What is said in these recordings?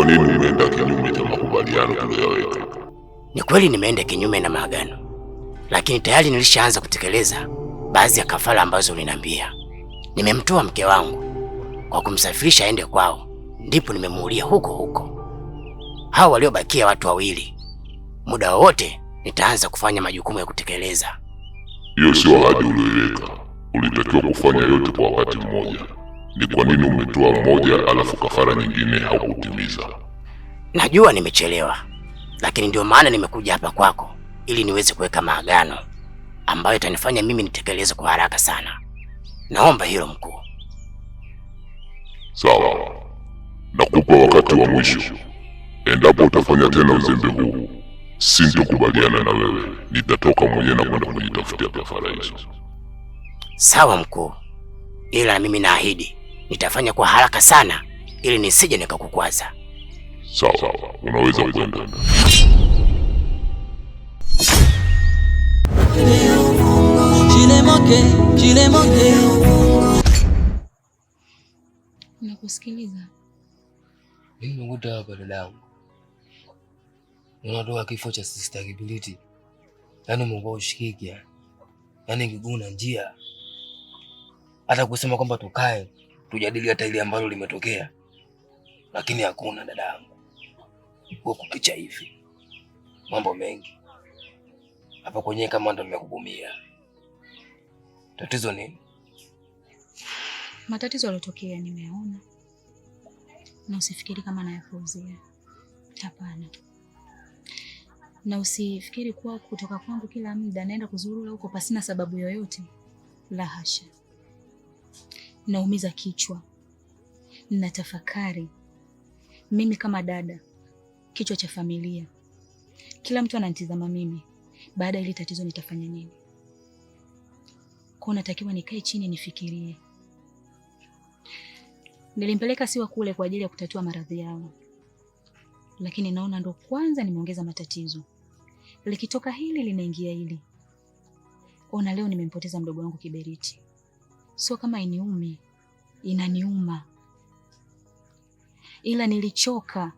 Kwa nini umeenda kinyume cha makubaliano tuliyoweka? Ni kweli nimeenda kinyume na maagano, lakini tayari nilishaanza kutekeleza baadhi ya kafara ambazo uliniambia. Nimemtoa mke wangu kwa kumsafirisha aende kwao, ndipo nimemuulia huko huko. Hao waliobakia watu wawili, muda wowote nitaanza kufanya majukumu ya kutekeleza. Hiyo sio ahadi uliyoiweka, ulitakiwa kufanya yote kwa wakati mmoja. Ni kwa nini umetoa moja alafu kafara nyingine haukutimiza? Najua nimechelewa, lakini ndio maana nimekuja hapa kwako ili niweze kuweka maagano ambayo itanifanya mimi nitekeleze kwa haraka sana. Naomba hilo mkuu. Sawa, nakupa wakati wa mwisho. Endapo utafanya tena uzembe huu, sintokubaliana na wewe, nitatoka mwenyewe na kwenda kujitafutia kafara hizo. Sawa mkuu, ila mimi naahidi nitafanya kwa haraka sana ili nisije nikakukwaza. Sawa, unaweza kwenda. Nakusikiliza. Mimi nimekuta hapa dadangu, unatoka kifo cha Sister Kibiliti, yaani umekuwa ushikiki, yaani kiguu na njia, hata kusema kwamba tukae tujadili hata ile ambalo limetokea, lakini hakuna dada yangu, kupicha hivi mambo mengi hapa kwenyewe, kama ndo nimekugumia. Tatizo nini? Matatizo yalotokea nimeona, na usifikiri kama nayapuuzia. Hapana, na usifikiri kuwa kutoka kwangu kila muda naenda kuzurura huko pasina sababu yoyote, la hasha naumiza kichwa, tafakari mimi kama dada, kichwa cha familia, kila mtu anantizama mimi. Baada ya hili tatizo nitafanya nini? Kwa natakiwa nikae chini nifikirie. Nilimpeleka Siwa kule kwa ajili ya kutatua maradhi yao, lakini naona ndo kwanza nimeongeza matatizo. Likitoka hili linaingia hili. Ona, leo nimempoteza mdogo wangu Kiberiti, sio kama iniumi inaniuma, ila nilichoka.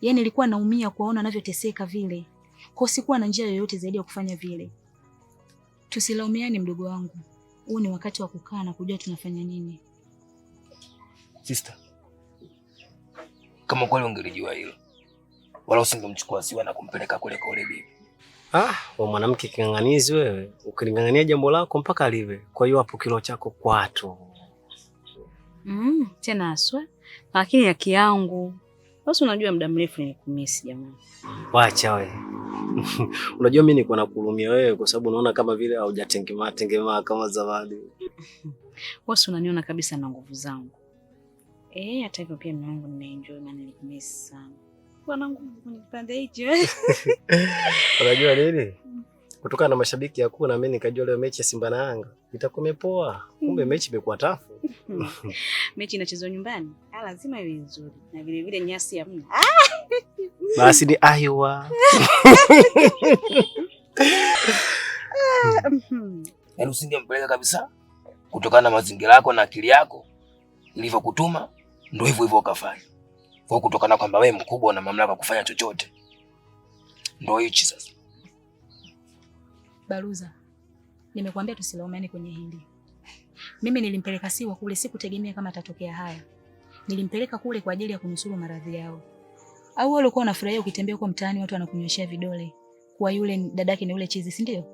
Yani nilikuwa naumia kuwaona anavyoteseka vile, kwa sikuwa na njia yoyote zaidi ya kufanya vile. Tusilaumiane mdogo wangu, huu ni wakati wa kukaa na kujua tunafanya nini. Sister, kama kweli ungelijua hilo wala usingemchukua Siwa na kumpeleka kule kule bibi. Ah, wa mwanamke king'ang'anizi wewe, ukining'ang'ania jambo lako mpaka live. Kwa hiyo hapo kilo chako kwatu. Mm, tena aswa, lakini ya kiangu basi. Unajua muda mrefu nilikumisi jamani. Wacha we unajua mimi niko nakuhurumia wewe kwa sababu unaona kama vile haujatengemaa tengemaa kama zawadi. Wasi unaniona kabisa na nguvu zangu. Eh, hata hivyo pia mwanangu ninaenjoy maana nilikumisi sana. Kwa nguvu kwenye kipande hicho. Unajua nini? kutokana na mashabiki yakuu, na mimi nikajua leo mechi ya Simba na Yanga itakuwa imepoa, kumbe mm-hmm. mechi imekuwa tafu. Mechi inachezwa nyumbani, ah, lazima iwe nzuri, na vile vile nyasi ya mna ah! Basi ni aiwa mm-hmm. yaani usingempeleka kabisa, kutokana na mazingira yako na akili yako nilivyokutuma, ndio hivyo hivyo ukafanya kwa kutokana kwamba wewe mkubwa na mamlaka kufanya chochote, ndio hichi sasa Baruza, nimekuambia tusilaumiane kwenye hili. Mimi nilimpeleka Siwa kule, sikutegemea kama atatokea haya. Nilimpeleka kule kwa ajili ya kunusuru maradhi yao. Au walikuwa unafurahia ukitembea huko mtaani watu wanakunyoshia vidole kwa yule dadake na yule chizi, si ndio?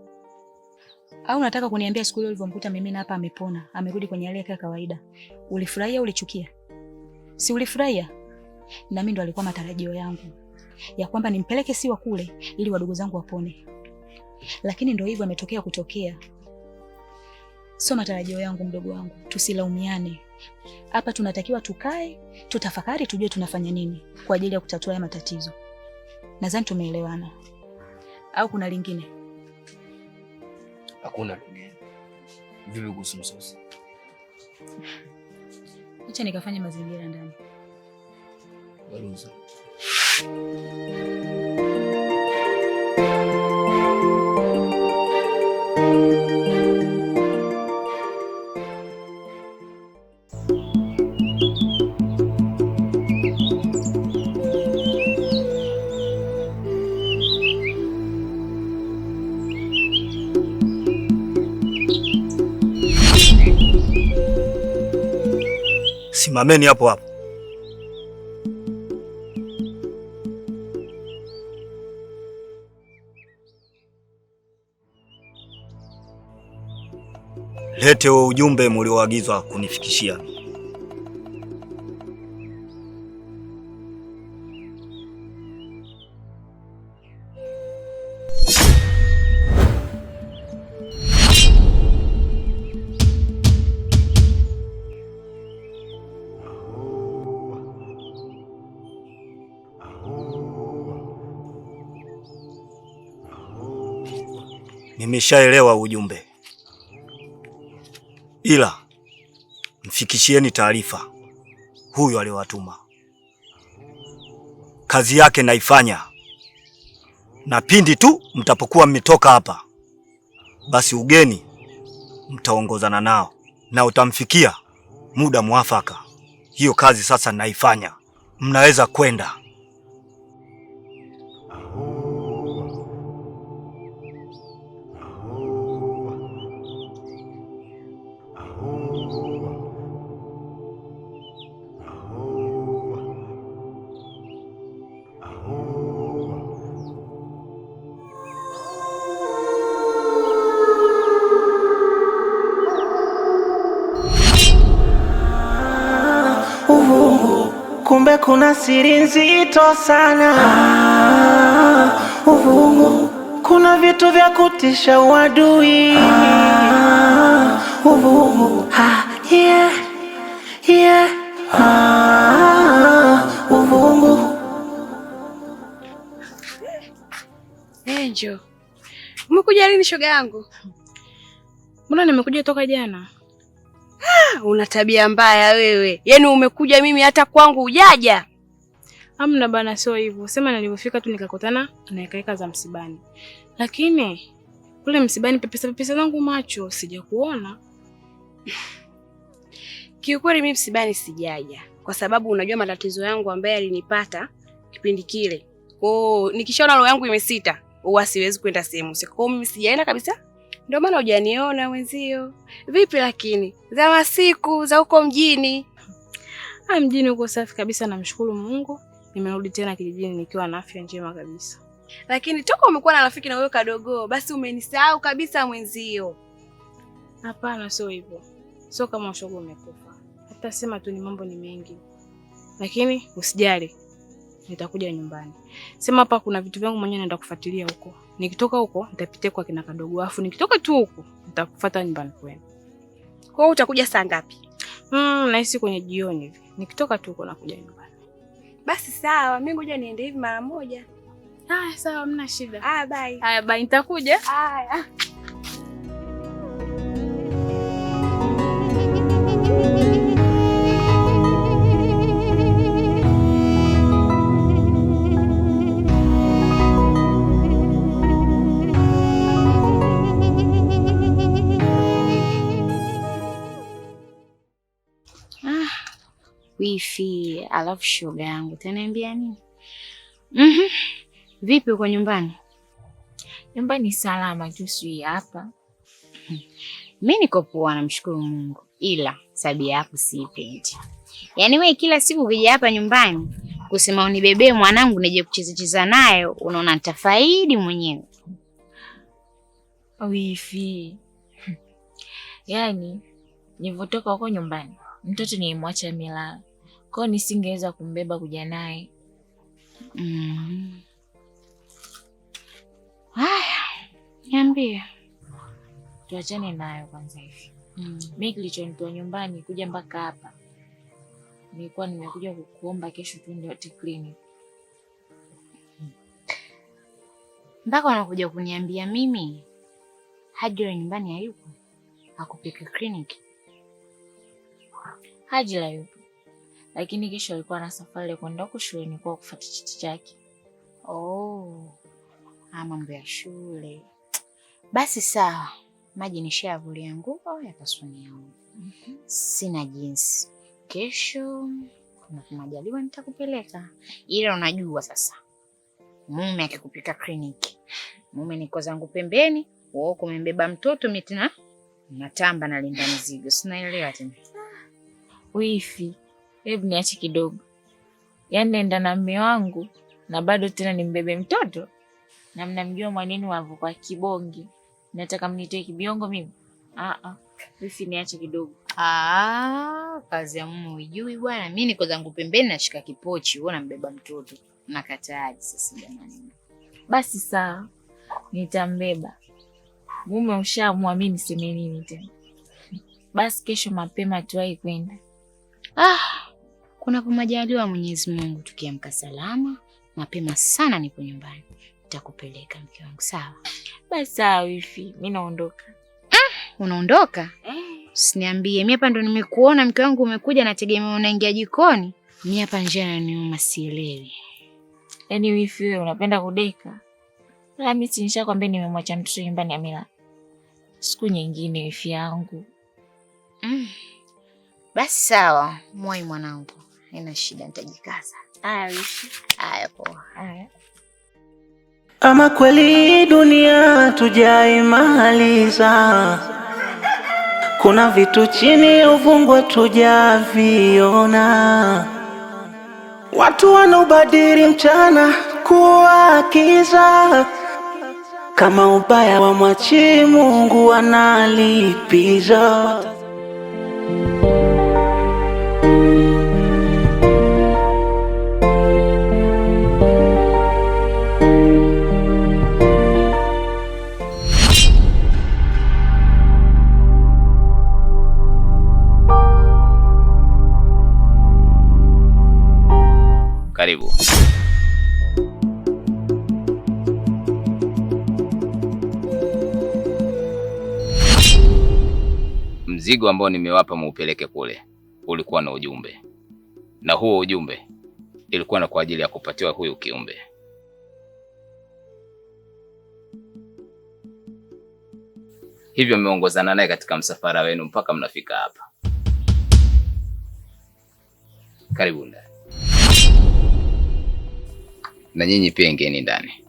Au unataka kuniambia siku ile ulivyomkuta mimi na hapa amepona, amerudi kwenye hali yake ya kawaida. Ulifurahia ulichukia? Si ulifurahia? Na mimi ndo alikuwa matarajio yangu ya kwamba nimpeleke Siwa kule ili wadogo zangu wapone lakini ndio hivyo, ametokea kutokea. Sio matarajio yangu, mdogo wangu, tusilaumiane hapa. Tunatakiwa tukae, tutafakari, tujue tunafanya nini kwa ajili ya kutatua haya matatizo. Nadhani tumeelewana, au kuna lingine? Hakuna lingine. Vipi kuhusu msosi? Acha nikafanya mazingira ndani. simameni hapo hapo. Lete huo ujumbe mulioagizwa kunifikishia. nimeshaelewa ujumbe, ila mfikishieni taarifa huyo aliyowatuma. Kazi yake naifanya, na pindi tu mtapokuwa mmetoka hapa, basi ugeni mtaongozana nao na utamfikia muda mwafaka. Hiyo kazi sasa naifanya, mnaweza kwenda. siri nzito sana ah, uvungu, kuna vitu vya kutisha uadui ah, uvungu ah, yeah, yeah. Ah, uvungu Enjo, eh, umekuja lini shoga yangu? Mbona nimekuja toka jana? Ah, una tabia mbaya wewe. Yaani umekuja mimi hata kwangu ujaja. Amna bana, sio hivyo. Sema nilivyofika tu nikakutana na hekaheka za msibani, lakini kule msibani pepesa pepesa zangu macho sijakuona. Kiukweli mimi msibani sijaja, kwa sababu unajua matatizo yangu ambayo yalinipata kipindi kile. Kwao nikishaona roho yangu imesita, huwa siwezi kwenda sehemu usiku. Kwao mimi sijaenda kabisa, ndio maana hujaniona wenzio. Vipi lakini za masiku za huko mjini? Ha, ah, mjini huko safi kabisa, namshukuru Mungu nimerudi tena kijijini nikiwa na afya njema kabisa. Lakini toka umekuwa na rafiki na huyo kadogo, basi umenisahau kabisa mwenzio? Hapana, sio hivyo, sio kama ushoga umekufa. Hata sema tu ni mambo ni mengi, lakini usijali, nitakuja nyumbani. Sema hapa kuna vitu vyangu mwenyewe naenda kufuatilia huko. Nikitoka huko nitapitia kwa kina kadogo, afu nikitoka tu huko nitakufuata nyumbani kwenu. Kwa hiyo utakuja saa ngapi? Mm, nahisi kwenye jioni hivi, nikitoka tu huko nakuja nyumbani. Basi sawa, mimi ngoja niende hivi mara moja. Haya, sawa, mna shida. Haya, bye. Haya, bye, nitakuja. Haya. bifi. Alafu shoga yangu utaniambia nini? mm -hmm. Vipi, uko nyumbani? Nyumbani salama tu, si hapa. Mi niko poa, namshukuru Mungu, ila sabia yako siipendi. Yaani wewe kila siku ukija hapa nyumbani kusema unibebee mwanangu nije kuchezacheza nayo, unaona nitafaidi mwenyewe wifi. Yaani nilivyotoka huko nyumbani mtoto nilimwacha amelala, kwayo nisingeweza kumbeba kuja naye. Mm. Haya, niambie. Tuachane nayo kwanza hivi. Mm. Mi kilichonitoa nyumbani kuja mpaka hapa nilikuwa nimekuja kukuomba kesho tuende wote kliniki. Mpaka wanakuja kuniambia mimi Hajira nyumbani hayupo, akupeke kliniki. Hajira yupo lakini kisha alikuwa na safari ya kwenda huko shuleni kwa kufuata cheti chake. Oh, mambo ya shule. Basi sawa, maji nishayavulia nguo oh, yakasunia. mm -hmm. Sina jinsi, kesho majaliwa nitakupeleka, ila unajua sasa mume akikupika kliniki, mume niko zangu pembeni, wewe kumembeba mtoto mitina tena natamba na linda mzigo, sinaelewa tena wifi hebu niache kidogo, yaani naenda na mme wangu na bado tena nimbebe mtoto, na mnamjua mwanenu wavo kwa kibonge, nataka mnitoe kibiongo mimi? sisi? niache kidogo. Ah, kazi ya mume ijui bwana, mi niko zangu pembeni nashika kipochi, huo nambeba mtoto, nakataaji. sasa jamani? Basi sawa, nitambeba mume. Ushaamua, mi niseme nini tena? Basi kesho mapema tuwai kwenda. Ah kunapo majaliwa Mwenyezi Mungu, tukiamka salama mapema sana, nipo nyumbani, nitakupeleka mke wangu. Sawa basi. Sawa wifi, mimi naondoka. Ah, unaondoka eh? Usiniambie mi hapa ndo nimekuona mke wangu, umekuja nategemea unaingia jikoni. mi hapa njia naniuma, sielewi. Yaani wifi, wewe unapenda kudeka. La, mimi nishakwambia nimemwacha mtoto nyumbani amila siku nyingine wifi yangu. Mm. Basi sawa, mwai mwanangu. Nina shida, nitajikaza. Haya wishi. Haya poa. Haya. Ama kweli dunia tujaimaliza, kuna vitu chini uvungwa tujaviona. Watu wanaubadili mchana kuwakiza kama ubaya wa mwachi Mungu wanalipiza mzigo ambao nimewapa muupeleke kule ulikuwa na ujumbe, na huo ujumbe ilikuwa na kwa ajili ya kupatiwa huyu kiumbe. Hivyo mmeongozana naye katika msafara wenu mpaka mnafika hapa. Karibuni ndani, na nyinyi pia ingieni ndani.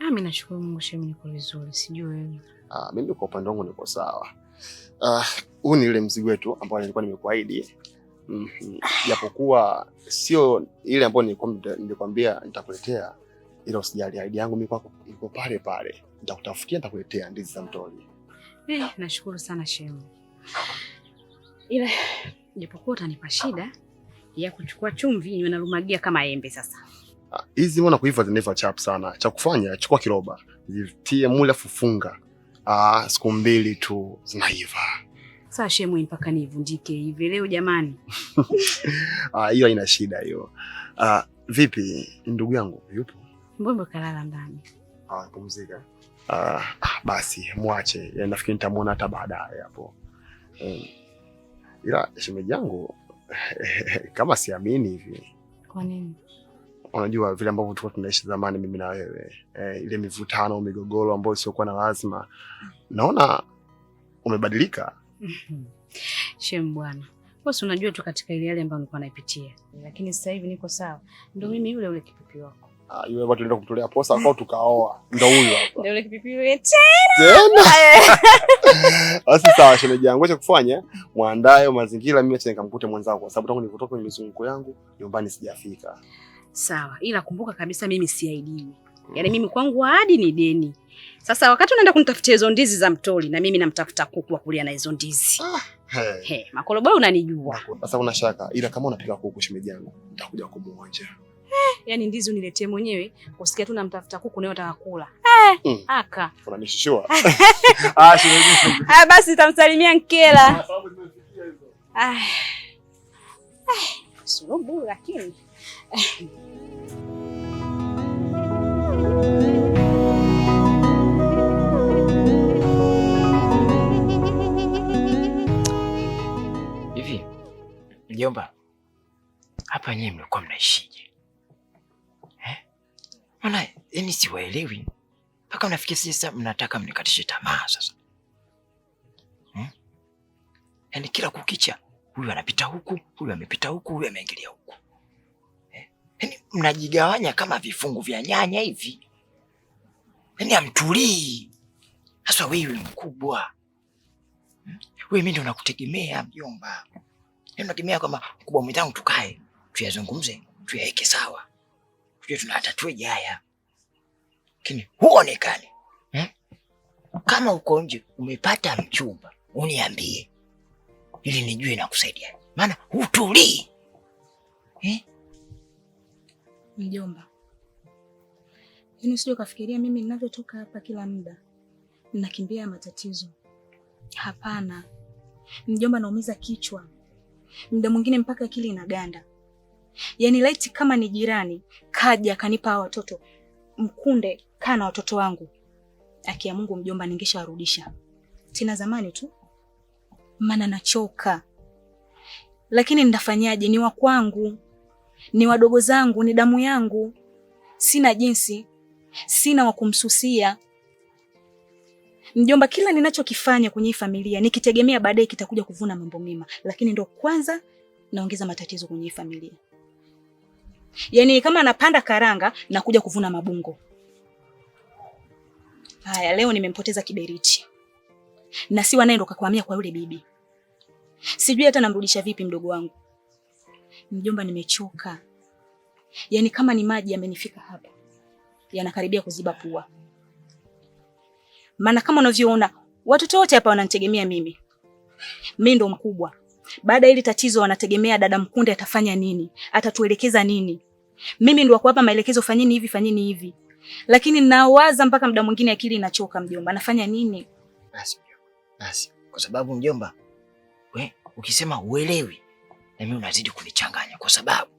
Ah, mimi nashukuru Mungu shemu, niko vizuri, sijui wewe. Ah, mimi kwa upande wangu niko sawa. Ah, huu ni ile mzigo wetu ambao nilikuwa nimekuahidi mhm. japokuwa sio ile ambayo nilikwambia nitakuletea, ila usijali, ahadi yangu mimi kwako iko pale pale. Nitakutafutia, nitakuletea ndizi za mtoni. Eh, nashukuru sana shemu, ila japokuwa utanipa shida ya kuchukua chumvi, niwe narumagia kama embe sasa hizi mbona kuiva zinaiva chap sana. Cha kufanya chukua kiroba, zitie mule, afu funga. Ah, siku mbili tu zinaiva. Sasa shemu mpaka nivundike hivi leo jamani. Ah, hiyo haina shida hiyo. Ah, vipi ndugu yangu yupo? Mbona kalala ndani? Ah, pumzika. Ah, ah basi mwache. Ya, eh, nafikiri nitamuona hata baadaye hapo. Eh, ila shemeji yangu kama siamini hivi. Kwa nini? unajua vile ambavyo tulikuwa tunaishi zamani mimi na wewe eh, ile mivutano, migogoro ambayo siokuwa na lazima, naona umebadilika. Shem bwana, basi unajua tu katika ile hali ambayo nilikuwa naipitia, lakini sasa hivi niko sawa. Ndio mimi yule yule kipipi wako Ah, yule hapa tunaenda kumtolea posa kwao tukaoa, ndio huyo hapa, ndio yule kipipi yule tena. Eh. Basi sawa, shemeji yangu, cha kufanya mwandayo mazingira, mimi acha nikamkute mwenzangu, kwa sababu tangu nilipotoka kwenye mizunguko yangu nyumbani sijafika sawa, ila kumbuka kabisa mimi siahidiwi. Mm. Yaani mimi kwangu ahadi ni deni. Sasa wakati unaenda kunitafutia hizo ndizi za mtoli na mimi namtafuta kuku wa kulia na hizo ndizi. Ah, hey. Hey, makolo boy unanijua. Sasa una shaka ila kama unapika kuku shemeji yangu nitakuja kumuonja. Eh, yaani ndizi uniletee mwenyewe usikia tu namtafuta kuku nayo nataka kula. Mm. Eh, mm. Aka. Unanishishua. Ah, shemeji. Ah, basi tamsalimia Nkela. Ah. Ah. Sio bora lakini. Hivi mjomba, hapa nyewe mlikuwa mnaishije eh? yani siwaelewi mpaka mnafikia sasa mnataka mnikatishe tamaa sasa hmm? kila kukicha huyu anapita huku, huyu amepita huku, huyu ameingilia huku Yaani mnajigawanya kama vifungu vya nyanya hivi, yaani amtulii haswa wewe mkubwa, hmm? wewe mimi ndio nakutegemea mjomba, yaani nategemea kwamba mkubwa mwenzangu tukae tuyazungumze tuyaweke sawa, tujue tunatatue haya, lakini huonekani hmm? Kama uko nje umepata mchumba uniambie ili nijue na kusaidia, maana hutulii eh? Mjomba, yaani usije ukafikiria mimi ninavyotoka hapa kila muda ninakimbia matatizo. Hapana mjomba, naumiza kichwa muda mwingine mpaka akili inaganda. Yaani laiti kama ni jirani kaja kanipa hawa watoto mkunde, kaa na watoto wangu, aki ya Mungu mjomba, ningeshawarudisha tena zamani tu, maana nachoka, lakini nitafanyaje? Ni wa kwangu ni wadogo zangu, ni damu yangu, sina jinsi, sina wa kumsusia mjomba. Kila ninachokifanya kwenye hii familia nikitegemea baadaye kitakuja kuvuna mambo mema, lakini ndo kwanza naongeza matatizo kwenye hii familia. Yaani kama anapanda karanga na kuja kuvuna mabungo. Haya, leo nimempoteza kiberiti na si wanaendoka kuhamia kwa yule bibi, sijui hata namrudisha vipi mdogo wangu. Mjomba, nimechoka. Yaani kama ni maji yamenifika hapa, yanakaribia kuziba pua. Maana kama unavyoona watoto wote hapa wananitegemea mimi, mi ndo mkubwa. Baada ya hili tatizo, wanategemea dada Mkunde atafanya nini, atatuelekeza nini. Mimi ndo wakuwapa maelekezo, fanyeni hivi, fanyeni hivi, lakini nawaza mpaka muda mwingine akili inachoka. Mjomba, nafanya nini? Nasi, basi. Kwa sababu mjomba, we ukisema uelewi na mimi unazidi kunichanganya kwa sababu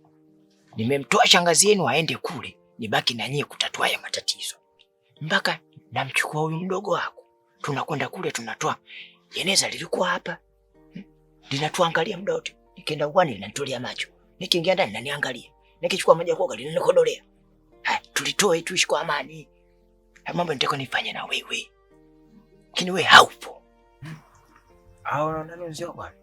nimemtoa shangazi yenu aende kule, nibaki na nyie kutatua ya matatizo. Mpaka namchukua huyu mdogo wako, tunakwenda kule, tunatoa jeneza lilikuwa hapa hmm? linatuangalia muda wote. Nikienda uwani linanitolea macho, nikiingia ndani naniangalia, nikichukua maji ya kuoga linanikodolea. Haya, tulitoe tuishi kwa amani. Haya mambo nitaka nifanye na wewe, lakini wewe haupo. Au unaona nani bwana?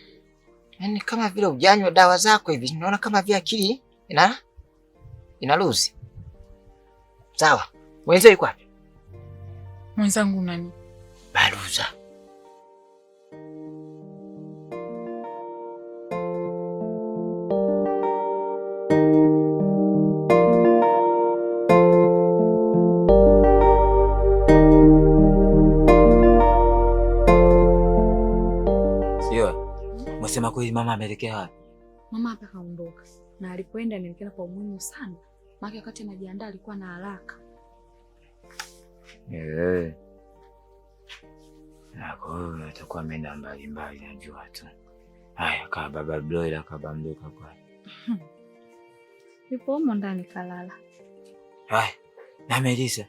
Yaani kama vile ujanywa dawa zako hivi, naona kama vile akili ina ina lose. Sawa. Mwenzio yuko wapi? Mwenzangu nani? Baruza. kweli mama ameelekea wapi? Mama hapa kaondoka, na alipoenda nilikuwa kwa umuhimu sana, maana wakati anajiandaa alikuwa na haraka. Eh, nako atakuwa ameenda mbali mbali, najua tu. Haya, kaa baba broila kabamduka kwa yupo humo ndani kalala. Haya, na Melisa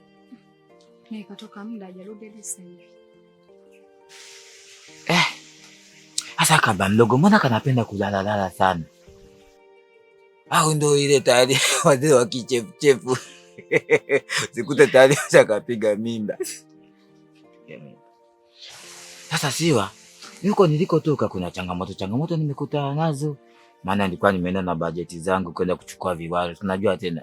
nikatoka muda ajarudi sasa hivi. hasa kaba mdogo, mbona kanapenda kulalalala sana? Au ndo ile tayari wazee wa kichefuchefu zikute tayari shakapiga mimba. Sasa Siwa yuko nilikotoka, kuna changamoto changamoto nimekutana nazo, maana nilikuwa nimeenda na bajeti zangu kwenda kuchukua viwaro tunajua tena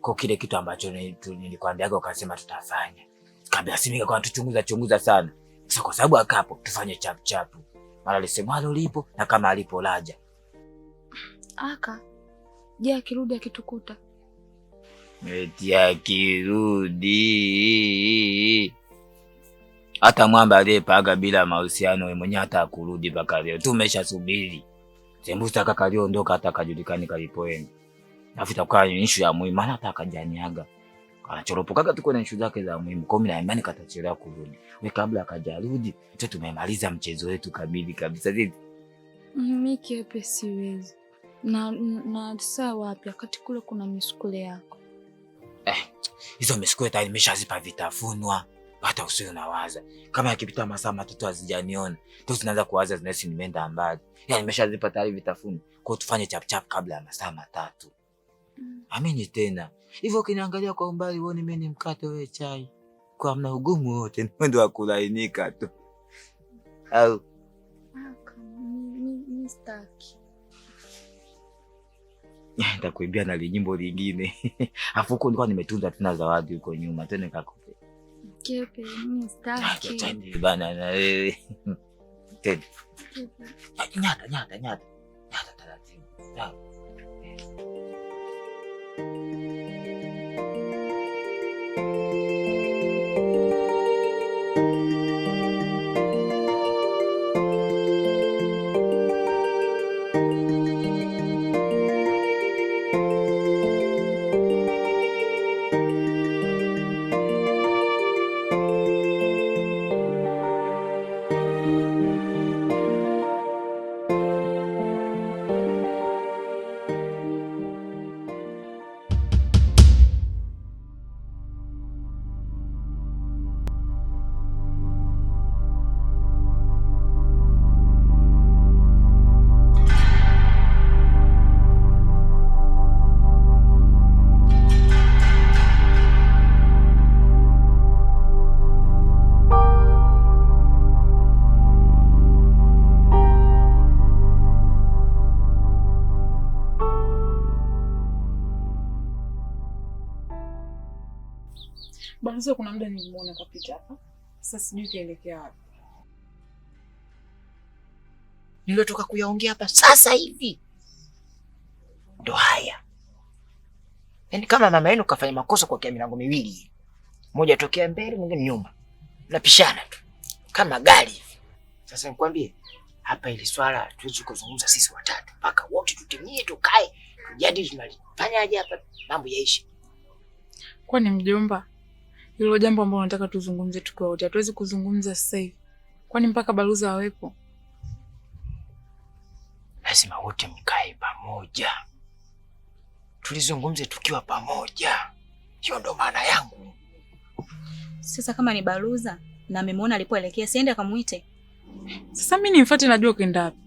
kwa kile kitu ambacho nilikwambiaga ukasema tutafanya. Kabla simika kwa tuchunguza chunguza sana. Sasa kwa sababu akapo tufanye chap chap. Mara alisema alo lipo na kama alipo laja. Aka. Je, akirudi akitukuta? Eti akirudi. Hata mwamba aliyepaga bila mahusiano wewe mwenyewe hata akurudi mpaka leo. Tumeshasubiri. Sembusa kaka aliondoka hata kajulikani kalipoenda. Alafu itakuwa ni issue ya muhimu, maana hata akajaniaga. Anachoropokaga tu kwenye issue zake za muhimu. Kwa hiyo mimi naamini imani katachelewa kurudi. Wewe kabla akajarudi, sasa tumemaliza mchezo wetu kabili kabisa. Mimi kiepe siwezi. Na na saa wapi wakati kule kuna misukule yako? Eh, hizo misukule tayari nimeshazipa vitafunwa. Hata usio nawaza. Kama yakipita masaa matatu hazijaniona, ndio zinaanza kuwaza zinahisi nimeenda mbali. Yaani nimeshazipa tayari vitafunwa. Kwa hiyo tufanye chap chap kabla ya masaa matatu. Mm. amini tena hivyo, kinaangalia kwa umbali, uone mimi ni mkate wewe chai, kwa mna ugumu wote ndio wa kulainika tu au ah, nitakuimbia na lijimbo lingine afu huko nilikuwa nimetunza tena zawadi huko nyuma tena nikakupe kepe. Mimi sitaki bana na wewe tena nyata nyata nyata nyata taratibu Thank you. Kwanza kuna muda nilimuona kapita hapa, sasa sijui kaelekea wapi. Niliotoka kuyaongea hapa sasa hivi ndo haya. Yaani kama mama yenu kafanya makosa kwa kia milango miwili, moja tokea mbele, mwingine nyuma, napishana tu kama gari hivi. Sasa nikwambie hapa, ili swala hatuwezi kuzungumza sisi watatu, mpaka wote tutimie, tukae tujadili tunalifanyaje hapa mambo yaishi. Kwani mjomba hilo jambo ambalo nataka tuzungumze tukiwa wote. Hatuwezi kuzungumza sasa hivi, kwani mpaka Baruza awepo? Lazima wote mkae pamoja, tulizungumze tukiwa pamoja. Hiyo ndo maana yangu. Sasa kama ni Baruza na amemwona alipoelekea, siende akamwite? Sasa mi nimfate najua kwenda wapi.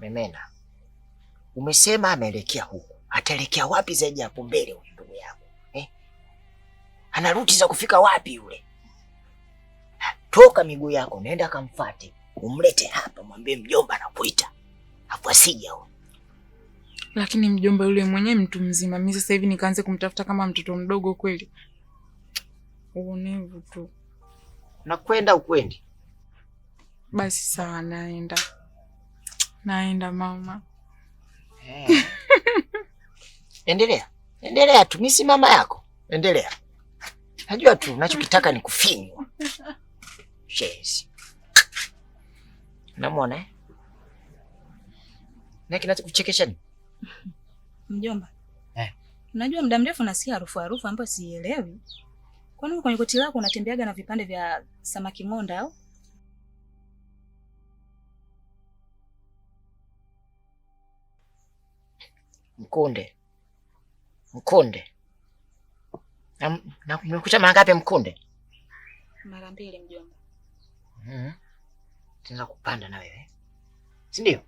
Memena, umesema ameelekea huku, ataelekea wapi zaidi hapo mbele huyo? ana ruti za kufika wapi yule? Toka miguu yako, nenda kamfate, umlete hapa, mwambie mjomba anakuita, afu asija huyo. Lakini mjomba yule mwenyewe mtu mzima, mimi sasa hivi nikaanze kumtafuta kama mtoto mdogo kweli? Uonevu tu. Nakwenda ukwendi? Basi sawa, naenda naenda mama. Hey. Eh. Endelea, endelea tu, mimi si mama yako, endelea. Najua tu unachokitaka ni kufinywa. Shezi. Unamwona eh? Na kinachokuchekesha ni? Mjomba. Eh. Unajua muda mrefu nasikia harufu harufu ambayo siielewi. Kwani kwenye koti lako unatembeaga na vipande vya samaki monda au? Mkonde. Mkonde. Na, na mara ngapi Mkunde? Mara mbili mjomba. Mhm. Tunaweza kupanda na wewe. Si ndio?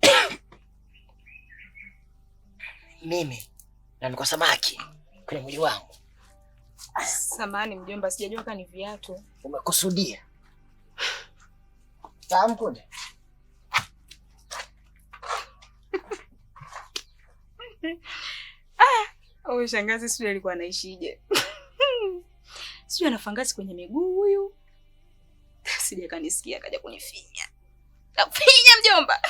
Mimi na niko samaki kwenye mwili wangu. Samahani mjomba, sijajua kani viatu. Umekusudia? Tamkunde. Ah, huyu shangazi sijui alikuwa anaishije. Sijui anafangazi kwenye miguu huyu. Sija kanisikia akaja kunifinya. Kafinya mjomba.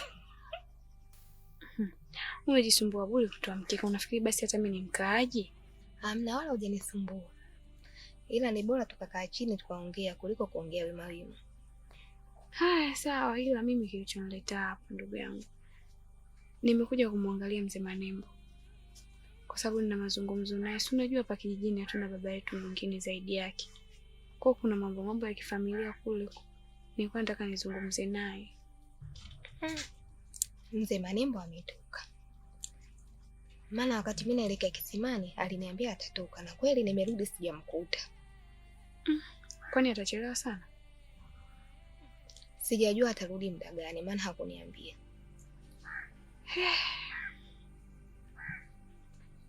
umejisumbua jisumbua bure kutoa mkeka, unafikiri basi hata mimi ni mkaaji? Amna, wala hujanisumbua ila ni bora tukakaa chini tukaongea kuliko kuongea wima wima. Haya, sawa. Ila mimi kilichonileta hapa, ndugu yangu, nimekuja kumwangalia mzee Manembo kwa sababu nina mazungumzo naye. Si unajua hapa kijijini hatuna baba yetu mwingine zaidi yake, kwa kuna mambo mambo ya kifamilia kule, nilikuwa nataka nizungumze naye. Hmm. Mzee Manembo ametoka, maana wakati mimi naelekea kisimani aliniambia atatoka, na kweli nimerudi sijamkuta. Kwani atachelewa sana? Sijajua atarudi muda gani, maana hakuniambia.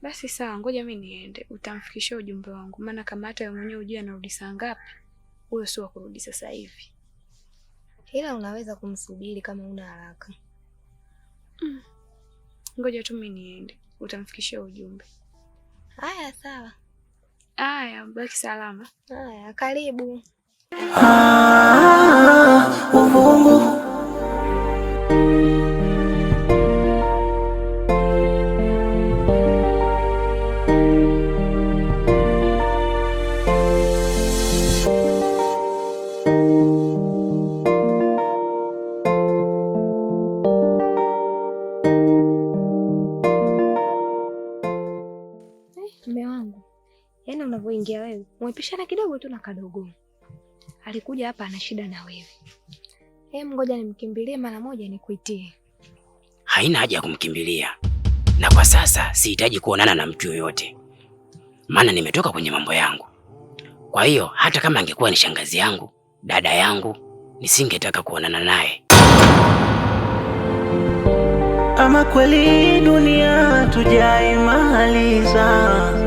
Basi sawa, ngoja mimi niende, utamfikishia ujumbe wangu, maana kama hata wewe mwenyewe hujui anarudi saa ngapi, huyo sio wa kurudi sasa hivi. Ila unaweza kumsubiri kama una haraka. Mm. Ngoja tu mimi niende, utamfikishia ujumbe. Haya, sawa. Haya, mbaki salama. Haya, karibu. Ah, Tumepishana kidogo tu na kadogo. Alikuja hapa ana shida na wewe. Hem, ngoja nimkimbilie mara moja nikuitie. Haina haja ya kumkimbilia, na kwa sasa sihitaji kuonana na mtu yoyote, maana nimetoka kwenye mambo yangu. Kwa hiyo hata kama angekuwa ni shangazi yangu, dada yangu, nisingetaka kuonana naye. Ama kweli dunia tujaimaliza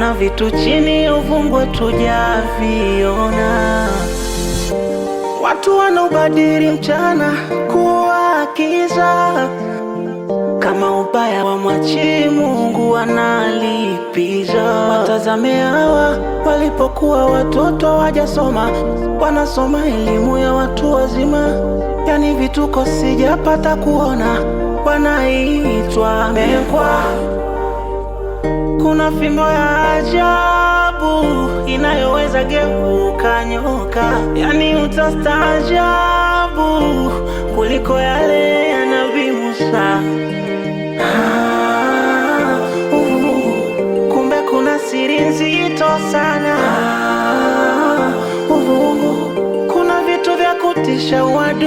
kuna vitu chini uvungwe tujaviona. Watu wanaubadili mchana kuwa kiza, kama ubaya wa mwachi Mungu wanalipiza. Watazame hawa walipokuwa watoto wajasoma, wanasoma elimu ya watu wazima, yani vituko sijapata kuona, wanaitwa mekwa kuna fimbo ya ajabu inayoweza geuka nyoka, yani utastaajabu kuliko yale yanaviusa Ah, uh, uh, kumbe kuna siri nzito sana. Ah, uh, uh, uh kuna vitu vya kutisha uadui